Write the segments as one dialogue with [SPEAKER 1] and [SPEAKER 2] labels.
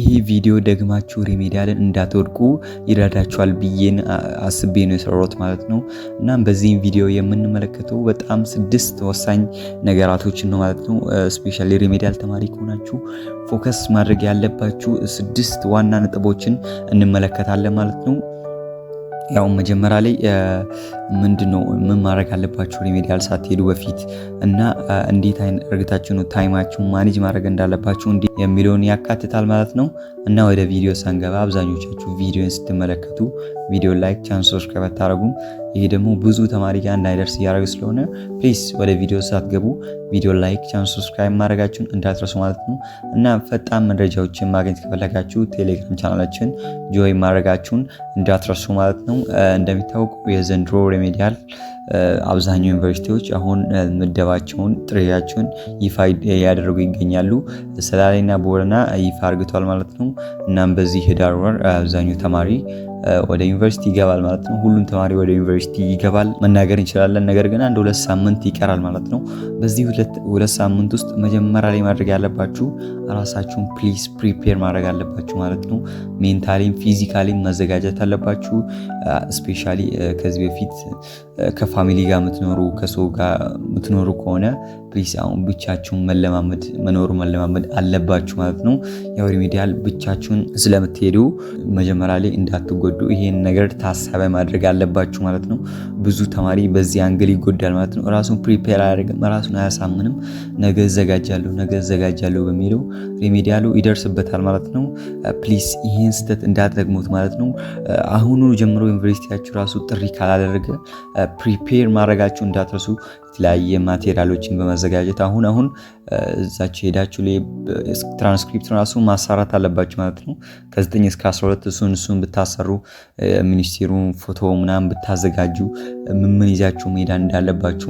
[SPEAKER 1] ይህ ቪዲዮ ደግማችሁ ሪሜዲያልን እንዳትወድቁ ይረዳችኋል ብዬን አስቤ ነው የሰራሁት ማለት ነው። እናም በዚህም ቪዲዮ የምንመለከተው በጣም ስድስት ወሳኝ ነገራቶችን ነው ማለት ነው። ስፔሻሊ ሪሜዲያል ተማሪ ከሆናችሁ ፎከስ ማድረግ ያለባችሁ ስድስት ዋና ነጥቦችን እንመለከታለን ማለት ነው። ያው መጀመሪያ ላይ ምንድነው ነው ምን ማድረግ አለባችሁ ሪሜዲያል ሳትሄዱ በፊት እና እንዴት አይነት እርግታችሁ ነው ታይማችሁ ማኔጅ ማድረግ እንዳለባችሁ የሚለውን ያካትታል ማለት ነው። እና ወደ ቪዲዮ ሳንገባ አብዛኞቻችሁ ቪዲዮን ስትመለከቱ ቪዲዮ ላይክ ቻን ሰብስክራይብ አታደርጉም። ይሄ ደግሞ ብዙ ተማሪ ጋር እንዳይደርስ እያደረግ ስለሆነ ፕሊስ ወደ ቪዲዮ ሳትገቡ ቪዲዮ ላይክ ቻን ሰብስክራይብ ማድረጋችሁን እንዳትረሱ ማለት ነው። እና ፈጣን መረጃዎችን ማግኘት ከፈለጋችሁ ቴሌግራም ቻናላችን ጆይ ማድረጋችሁን እንዳትረሱ ማለት ነው። እንደሚታወቁ የዘንድሮ ሬሜዲያል አብዛኛው ዩኒቨርሲቲዎች አሁን ምደባቸውን ጥሪያቸውን ይፋ ያደረጉ ይገኛሉ። ሰላሌና ቦረና ይፋ አርግቷል ማለት ነው። እናም በዚህ ህዳር ወር አብዛኛው ተማሪ ወደ ዩኒቨርሲቲ ይገባል ማለት ነው። ሁሉም ተማሪ ወደ ዩኒቨርሲቲ ይገባል መናገር እንችላለን። ነገር ግን አንድ ሁለት ሳምንት ይቀራል ማለት ነው። በዚህ ሁለት ሳምንት ውስጥ መጀመሪያ ላይ ማድረግ ያለባችሁ ራሳችሁን ፕሊስ ፕሪፔር ማድረግ አለባችሁ ማለት ነው። ሜንታሊም ፊዚካሊም መዘጋጀት አለባችሁ። ስፔሻሊ ከዚህ በፊት ከፋሚሊ ጋር የምትኖሩ ከሰው ጋር የምትኖሩ ከሆነ ፕሊስ አሁን ብቻችሁን መለማመድ መኖሩ መለማመድ አለባችሁ ማለት ነው። ያው ብቻችሁን ስለምትሄዱ መጀመሪያ ላይ እንዳትጎ ስትረዱ ይህን ነገር ታሳቢ ማድረግ አለባችሁ ማለት ነው። ብዙ ተማሪ በዚህ አንግል ይጎዳል ማለት ነው። ራሱን ፕሪፔር አያደርግም፣ ራሱን አያሳምንም። ነገ እዘጋጃለሁ፣ ነገ እዘጋጃለሁ በሚለው ሪሜዲያሉ ይደርስበታል ማለት ነው። ፕሊስ ይህን ስህተት እንዳትደግሙት ማለት ነው። አሁኑ ጀምሮ ዩኒቨርሲቲያችሁ ራሱ ጥሪ ካላደረገ ፕሪፔር ማድረጋችሁ እንዳትረሱ። የተለያየ ማቴሪያሎችን በማዘጋጀት አሁን አሁን እዛቸው ሄዳችሁ ትራንስክሪፕት ራሱ ማሰራት አለባችሁ ማለት ነው። ከ9 እስከ 12 እሱን እሱን ብታሰሩ ሚኒስቴሩ ፎቶ ምናምን ብታዘጋጁ ምን ይዛችሁ መሄድ እንዳለባችሁ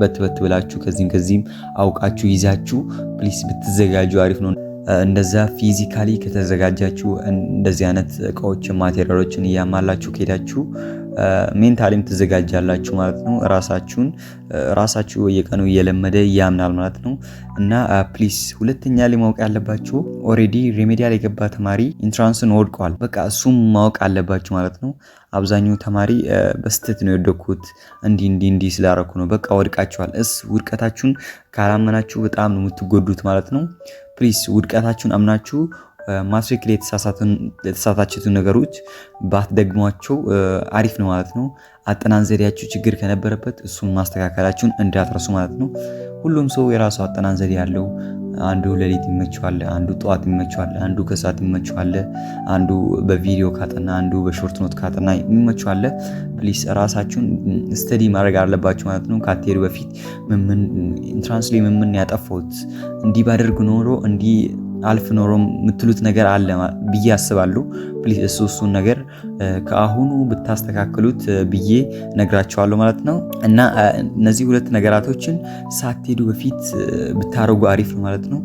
[SPEAKER 1] በትበት ብላችሁ ከዚህም ከዚህም አውቃችሁ ይዛችሁ ፕሊስ ብትዘጋጁ አሪፍ ነው። እንደዛ ፊዚካሊ ከተዘጋጃችሁ እንደዚህ አይነት እቃዎችን ማቴሪያሎችን እያማላችሁ ከሄዳችሁ ሜንታሊም ትዘጋጃላችሁ ማለት ነው። ራሳችሁን ራሳችሁ በየቀኑ እየለመደ ያምናል ማለት ነው። እና ፕሊስ ሁለተኛ ላይ ማወቅ ያለባችሁ ኦሬዲ ሪሜዲያል የገባ ተማሪ ኢንትራንስን ወድቋል። በቃ እሱም ማወቅ አለባችሁ ማለት ነው። አብዛኛው ተማሪ በስተት ነው የወደኩት እንዲ እንዲ እንዲ ስላረኩ ነው። በቃ ወድቃችኋል። እስ ውድቀታችሁን ካላመናችሁ በጣም ነው የምትጎዱት ማለት ነው። ፕሊስ ውድቀታችሁን አምናችሁ ማትሪክ ላይ የተሳሳታችሁትን ነገሮች ባትደግሟቸው አሪፍ ነው ማለት ነው። አጠናን ዘዴያችሁ ችግር ከነበረበት እሱን ማስተካከላችሁን እንዳትረሱ ማለት ነው። ሁሉም ሰው የራሱ አጠናን ዘዴ ያለው፣ አንዱ ሌሊት ይመቸዋል፣ አንዱ ጠዋት ይመቸዋል፣ አንዱ ከሰዓት ይመቸዋል፣ አንዱ በቪዲዮ ካጠና፣ አንዱ በሾርት ኖት ካጠና ይመቸዋል። ፕሊስ ራሳችሁን ስተዲ ማድረግ አለባችሁ ማለት ነው። ካትሄዱ በፊት ኢንትራንስ ላይ ምን ያጠፋሁት እንዲህ ባደርግ ኖሮ እንዲህ አልፍ ኖሮ የምትሉት ነገር አለ ብዬ አስባለሁ። እሱ እሱን ነገር ከአሁኑ ብታስተካክሉት ብዬ ነግራቸዋለሁ ማለት ነው። እና እነዚህ ሁለት ነገራቶችን ሳትሄዱ በፊት ብታረጉ አሪፍ ነው ማለት ነው።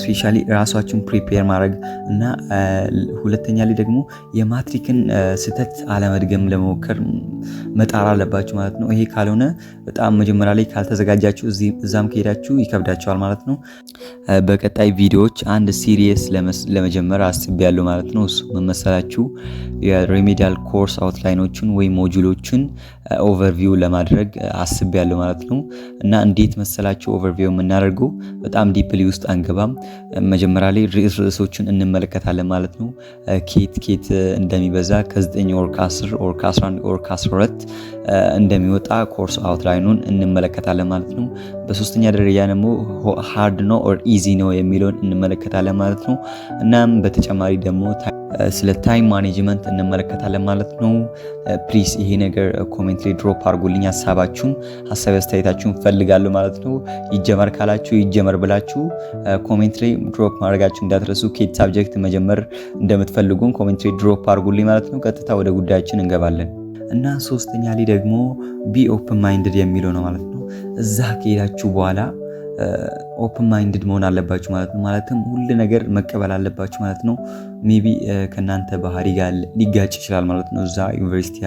[SPEAKER 1] ስፔሻሊ ራሷችን ፕሪፔር ማድረግ እና ሁለተኛ ላይ ደግሞ የማትሪክን ስህተት አለመድገም ለመሞከር መጣር አለባችሁ ማለት ነው። ይሄ ካልሆነ በጣም መጀመሪያ ላይ ካልተዘጋጃችሁ እዛም ከሄዳችሁ ይከብዳቸዋል ማለት ነው። በቀጣይ ቪዲዮዎች አንድ ሲሪየስ ለመጀመር ያለው ማለት ነው። እሱ ምን መሰላችሁ የሪሜዲያል ኮርስ አውትላይኖችን ወይም ሞጁሎችን ኦቨርቪው ለማድረግ ያለው ማለት ነው። እና እንዴት መሰላችሁ ኦቨርቪው የምናደርገው በጣም ዲፕሊ ውስጥ አንገባም። መጀመሪያ ላይ ርዕሶችን እንመለከታለን ማለት ነው። ኬት ኬት እንደሚበዛ ከ9 ወር ከ10 ወር ከ11 ወር ከ12 እንደሚወጣ ኮርስ አውትላይኑን እንመለከታለን ማለት ነው። በሶስተኛ ደረጃ ደግሞ ሃርድ ነው ኦር ኢዚ ነው የሚለውን እንመለከታለን እንመለከታለን ማለት ነው። እናም በተጨማሪ ደግሞ ስለ ታይም ማኔጅመንት እንመለከታለን ማለት ነው። ፕሊስ ይሄ ነገር ኮሜንት ላይ ድሮፕ አድርጉልኝ ሀሳባችሁን፣ ሀሳብ አስተያየታችሁን ፈልጋለሁ ማለት ነው። ይጀመር ካላችሁ ይጀመር ብላችሁ ኮሜንት ላይ ድሮፕ ማድረጋችሁ እንዳትረሱ። ኬት ሳብጀክት መጀመር እንደምትፈልጉን ኮሜንት ላይ ድሮፕ አድርጉልኝ ማለት ነው። ቀጥታ ወደ ጉዳያችን እንገባለን እና ሶስተኛ ላይ ደግሞ ቢ ኦፕን ማይንድድ የሚለው ነው ማለት ነው። እዛ ከሄዳችሁ በኋላ ኦፕን ማይንድድ መሆን አለባችሁ ማለት ነው። ማለትም ሁሉ ነገር መቀበል አለባችሁ ማለት ነው። ሜቢ ከእናንተ ባህሪ ጋር ሊጋጭ ይችላል ማለት ነው። እዛ ዩኒቨርሲቲ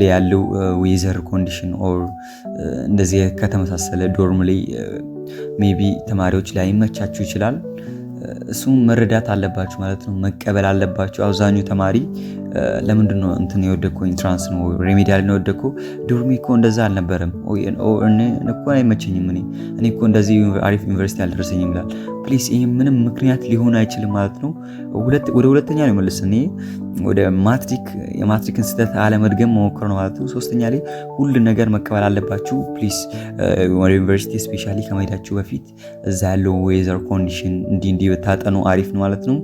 [SPEAKER 1] ላይ ያለው ዌዘር ኮንዲሽን ኦር እንደዚህ ከተመሳሰለ ዶርም ላይ ሜቢ ተማሪዎች ላይ ይመቻችሁ ይችላል። እሱም መረዳት አለባችሁ ማለት ነው። መቀበል አለባችሁ። አብዛኛው ተማሪ ለምንድን ነው እንትን የወደኩ ኢንትራንስ ነው ሬሜዲያል ነው የወደኩ። ዶርሜ እኮ እንደዛ አልነበረም እኮ አይመቸኝም። እኔ እኔ እኮ እንደዚህ አሪፍ ዩኒቨርሲቲ አልደረሰኝም ይላል። ፕሊስ ይህ ምንም ምክንያት ሊሆን አይችልም ማለት ነው። ወደ ሁለተኛ ነው መልስ እኔ ወደ ማትሪክ የማትሪክን ስህተት አለመድገም መሞከር ነው ማለት ነው። ሶስተኛ ላይ ሁሉ ነገር መቀበል አለባችሁ። ፕሊስ ወደ ዩኒቨርሲቲ ስፔሻሊ ከመሄዳችሁ በፊት እዛ ያለው ዌዘር ኮንዲሽን እንዲህ እንዲህ ብታጠኑ አሪፍ ነው ማለት ነው።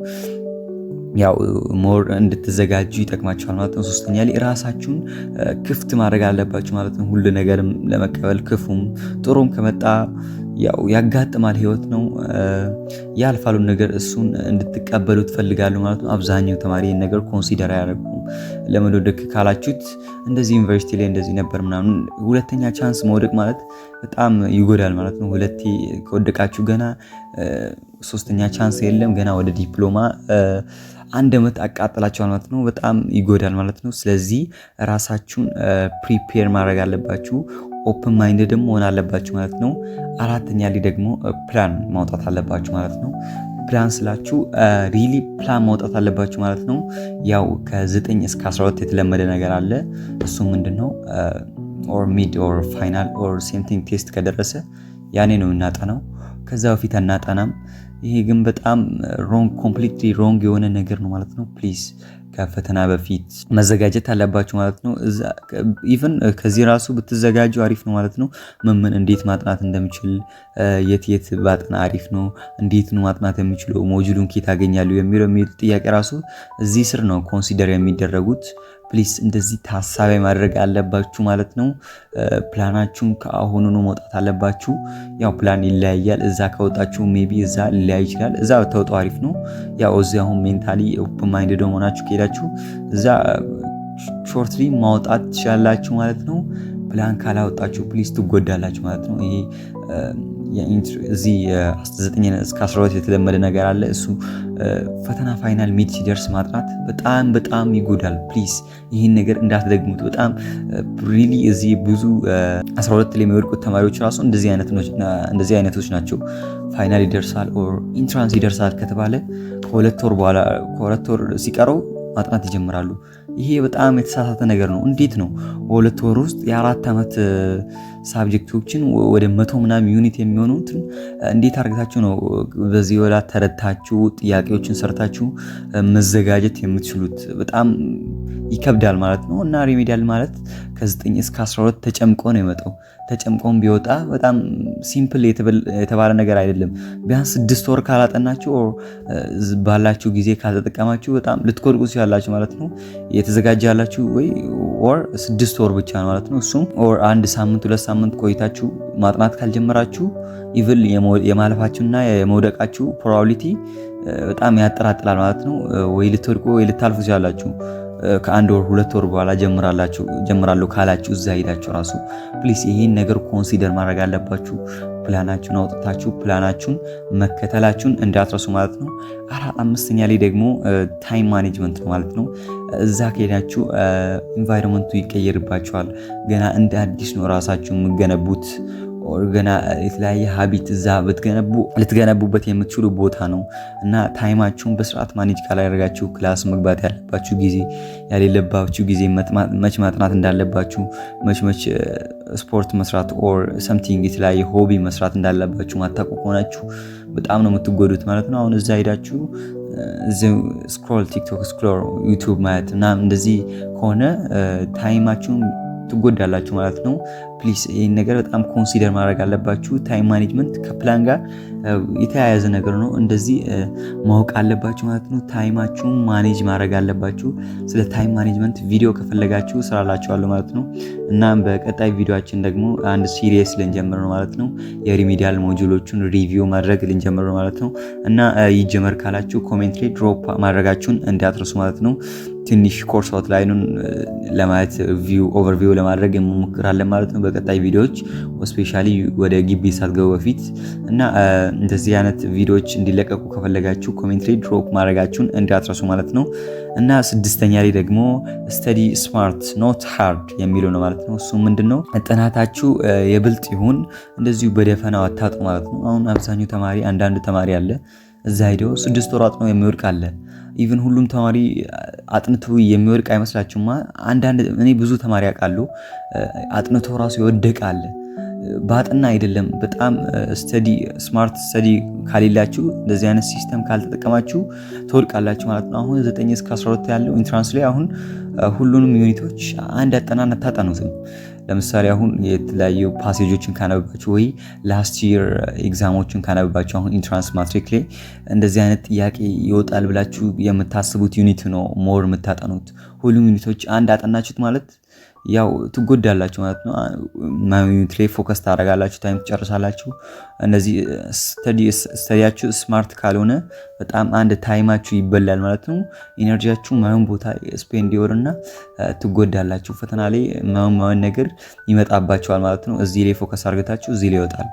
[SPEAKER 1] ያው ሞር እንድትዘጋጁ ይጠቅማቸዋል ማለት ነው። ሶስተኛ ላይ ራሳችሁን ክፍት ማድረግ አለባችሁ ማለት ነው። ሁሉ ነገርም ለመቀበል ክፉም ጥሩም ከመጣ ያው ያጋጥማል፣ ህይወት ነው ያልፋሉ። ነገር እሱን እንድትቀበሉ ትፈልጋሉ ማለት ነው። አብዛኛው ተማሪ ነገር ኮንሲደር አያደርጉም። ለመውደቅ ካላችሁት እንደዚህ ዩኒቨርሲቲ ላይ እንደዚህ ነበር ምናምን፣ ሁለተኛ ቻንስ መውደቅ ማለት በጣም ይጎዳል ማለት ነው። ሁለቴ ከወደቃችሁ ገና ሶስተኛ ቻንስ የለም። ገና ወደ ዲፕሎማ አንድ ዓመት አቃጥላቸዋል ማለት ነው። በጣም ይጎዳል ማለት ነው። ስለዚህ ራሳችሁን ፕሪፔር ማድረግ አለባችሁ። ኦፕን ማይንድ ደግሞ መሆን አለባችሁ ማለት ነው። አራተኛ ላይ ደግሞ ፕላን ማውጣት አለባችሁ ማለት ነው። ፕላን ስላችሁ ሪሊ ፕላን ማውጣት አለባችሁ ማለት ነው። ያው ከ9 እስከ 12 የተለመደ ነገር አለ። እሱ ምንድን ነው? ኦር ሚድ ኦር ፋይናል ኦር ሴምቲንግ ቴስት ከደረሰ ያኔ ነው እናጠናው። ከዛ በፊት አናጠናም። ይሄ ግን በጣም ሮንግ ኮምፕሊት ሮንግ የሆነ ነገር ነው ማለት ነው። ፕሊዝ ከፈተና በፊት መዘጋጀት አለባችሁ ማለት ነው። ኢቨን ከዚህ ራሱ ብትዘጋጁ አሪፍ ነው ማለት ነው። ምን ምን እንዴት ማጥናት እንደምችል የት የት ባጥና አሪፍ ነው፣ እንዴት ነው ማጥናት የሚችለው፣ ሞጁሉን ኬት አገኛለሁ የሚለው የሚሉት ጥያቄ ራሱ እዚህ ስር ነው ኮንሲደር የሚደረጉት ፕሊስ እንደዚህ ታሳቢ ማድረግ አለባችሁ ማለት ነው። ፕላናችሁን ከአሁኑ መውጣት አለባችሁ። ያው ፕላን ይለያያል። እዛ ከወጣችሁ ሜቢ እዛ ሊለያይ ይችላል። እዛ ተውጦ አሪፍ ነው። ያው እዚ አሁን ሜንታሊ ኦፕን ማይንድ ሆናችሁ ከሄዳችሁ እዛ ሾርትሊ ማውጣት ትችላላችሁ ማለት ነው። ፕላን ካላወጣችሁ ፕሊስ ትጎዳላችሁ ማለት ነው። ይሄ እዚህ 19 እስከ የተለመደ ነገር አለ። እሱ ፈተና ፋይናል ሚድ ሲደርስ ማጥናት በጣም በጣም ይጎዳል። ፕሊስ ይህን ነገር እንዳትደግሙት። በጣም ሪሊ እዚህ ብዙ 12 ላይ የሚወድቁት ተማሪዎች ራሱ እንደዚህ አይነቶች ናቸው። ፋይናል ይደርሳል ኦር ኢንትራንስ ይደርሳል ከተባለ ከሁለት ወር በኋላ ከሁለት ወር ሲቀረው ማጥናት ይጀምራሉ። ይሄ በጣም የተሳሳተ ነገር ነው። እንዴት ነው በሁለት ወር ውስጥ የአራት ዓመት ሳብጀክቶችን ወደ መቶ ምናምን ዩኒት የሚሆኑትን እንዴት አርግታችሁ ነው በዚህ ወላ ተረታችሁ ጥያቄዎችን ሰርታችሁ መዘጋጀት የምትችሉት? በጣም ይከብዳል ማለት ነው እና ሪሜዲያል ማለት ከ9 እስከ 12 ተጨምቆ ነው የመጣው። ተጨምቆም ቢወጣ በጣም ሲምፕል የተባለ ነገር አይደለም። ቢያንስ ስድስት ወር ካላጠናችሁ ባላችሁ ጊዜ ካልተጠቀማችሁ በጣም ልትወድቁ ሲያላችሁ ማለት ነው። የተዘጋጀ ያላችሁ ወይ ኦር ስድስት ወር ብቻ ነው ማለት ነው። እሱም ኦር አንድ ሳምንት ሁለት ሳምንት ቆይታችሁ ማጥናት ካልጀመራችሁ ኢቭል የማለፋችሁና የመውደቃችሁ ፕሮባቢሊቲ በጣም ያጠራጥላል ማለት ነው። ወይ ልትወድቁ ወይ ልታልፉ ሲያላችሁ ከአንድ ወር ሁለት ወር በኋላ ጀምራለሁ ካላችሁ እዛ ሄዳችሁ ራሱ ፕሊስ ይሄን ነገር ኮንሲደር ማድረግ አለባችሁ። ፕላናችሁን አውጥታችሁ ፕላናችሁን መከተላችሁን እንዳትረሱ ማለት ነው። አምስተኛ ላይ ደግሞ ታይም ማኔጅመንት ነው ማለት ነው። እዛ ከሄዳችሁ ኢንቫይሮንመንቱ ይቀየርባችኋል። ገና እንደ አዲስ ነው ራሳችሁ የምገነቡት። ኦርገና የተለያየ ሀቢት እዛ ልትገነቡበት የምትችሉ ቦታ ነው እና ታይማችሁን በስርዓት ማኔጅ ካላደረጋችሁ ክላስ መግባት ያለባችሁ ጊዜ ያሌለባችሁ ጊዜ መች ማጥናት እንዳለባችሁ መች መች ስፖርት መስራት ኦር ሰምቲንግ የተለያየ ሆቢ መስራት እንዳለባችሁ ማታቁ ከሆናችሁ በጣም ነው የምትጎዱት ማለት ነው። አሁን እዛ ሄዳችሁ ስክሮል ቲክቶክ፣ ስክሮል ዩቱብ ማየት እና እንደዚህ ከሆነ ታይማችሁን ትጎዳላችሁ ማለት ነው። ፕሊስ ይህን ነገር በጣም ኮንሲደር ማድረግ አለባችሁ። ታይም ማኔጅመንት ከፕላን ጋር የተያያዘ ነገር ነው። እንደዚህ ማወቅ አለባችሁ ማለት ነው። ታይማችሁን ማኔጅ ማድረግ አለባችሁ። ስለ ታይም ማኔጅመንት ቪዲዮ ከፈለጋችሁ ስራላችኋለሁ ማለት ነው። እና በቀጣይ ቪዲዮችን ደግሞ አንድ ሲሪየስ ልንጀምር ነው ማለት ነው። የሪሚዲያል ሞጁሎቹን ሪቪው ማድረግ ልንጀምር ነው ማለት ነው እና ይጀመር ካላችሁ ኮሜንት ላይ ድሮፕ ማድረጋችሁን እንዳትረሱ ማለት ነው። ትንሽ ኮርስ አውትላይኑን ለማየት ቪው ኦቨርቪው ለማድረግ እንሞክራለን ማለት ነው በቀጣይ ቪዲዮዎች ስፔሻሊ ወደ ግቢ ሳትገቡ በፊት እና እንደዚህ አይነት ቪዲዮዎች እንዲለቀቁ ከፈለጋችሁ ኮሜንት ላይ ድሮፕ ማድረጋችሁን እንዳትረሱ ማለት ነው። እና ስድስተኛ ላይ ደግሞ ስተዲ ስማርት ኖት ሃርድ የሚለው ነው ማለት ነው። እሱም ምንድን ነው ጥናታችሁ የብልጥ ይሁን እንደዚሁ በደፈናው አታጡ ማለት ነው። አሁን አብዛኛው ተማሪ አንዳንድ ተማሪ አለ እዛ ሄደው ስድስት ወር አጥኖ የሚወድቅ አለ። ኢቨን ሁሉም ተማሪ አጥንቶ የሚወድቅ አይመስላችሁማ? አንዳንድ እኔ ብዙ ተማሪ ያውቃሉ አጥንቶ ራሱ ይወደቃል። ባጥና አይደለም። በጣም ስተዲ ስማርት ስተዲ ካሌላችሁ እንደዚህ አይነት ሲስተም ካልተጠቀማችሁ ትወድቃላችሁ ማለት ነው። አሁን 9 እስከ 12 ያለው ኢንትራንስ ላይ አሁን ሁሉንም ዩኒቶች አንድ አጠናን አታጠኑትም። ለምሳሌ አሁን የተለያዩ ፓሴጆችን ካነበባችሁ ወይ ላስት ይር ኤግዛሞችን ካነበባችሁ አሁን ኢንትራንስ ማትሪክ ላይ እንደዚህ አይነት ጥያቄ ይወጣል ብላችሁ የምታስቡት ዩኒት ነው ሞር የምታጠኑት። ሁሉም ዩኒቶች አንድ አጠናችሁት ማለት ያው ትጎዳላችሁ ማለት ነው። ማሚት ላይ ፎከስ ታደርጋላችሁ፣ ታይም ትጨርሳላችሁ። እነዚህ ስተዲያችሁ ስማርት ካልሆነ በጣም አንድ ታይማችሁ ይበላል ማለት ነው። ኢነርጂያችሁ ማየውን ቦታ ስፔንድ ይወርና ትጎዳላችሁ። ፈተና ላይ ማየውን ነገር ይመጣባችኋል ማለት ነው። እዚህ ላይ ፎከስ አድርገታችሁ እዚህ ላይ ይወጣል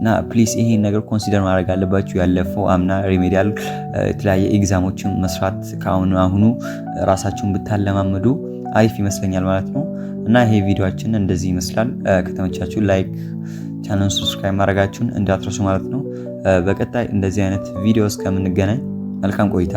[SPEAKER 1] እና ፕሊስ ይሄን ነገር ኮንሲደር ማድረግ አለባችሁ። ያለፈው አምና ሪሜዲያል የተለያየ ኤግዛሞችን መስራት ከአሁኑ አሁኑ ራሳችሁን ብታለማመዱ አሪፍ ይመስለኛል ማለት ነው። እና ይሄ ቪዲዮችን እንደዚህ ይመስላል። ከተመቻችሁ ላይክ፣ ቻናል ሰብስክራይብ ማድረጋችሁን እንዳትረሱ ማለት ነው። በቀጣይ እንደዚህ አይነት ቪዲዮ እስከምንገናኝ መልካም ቆይታ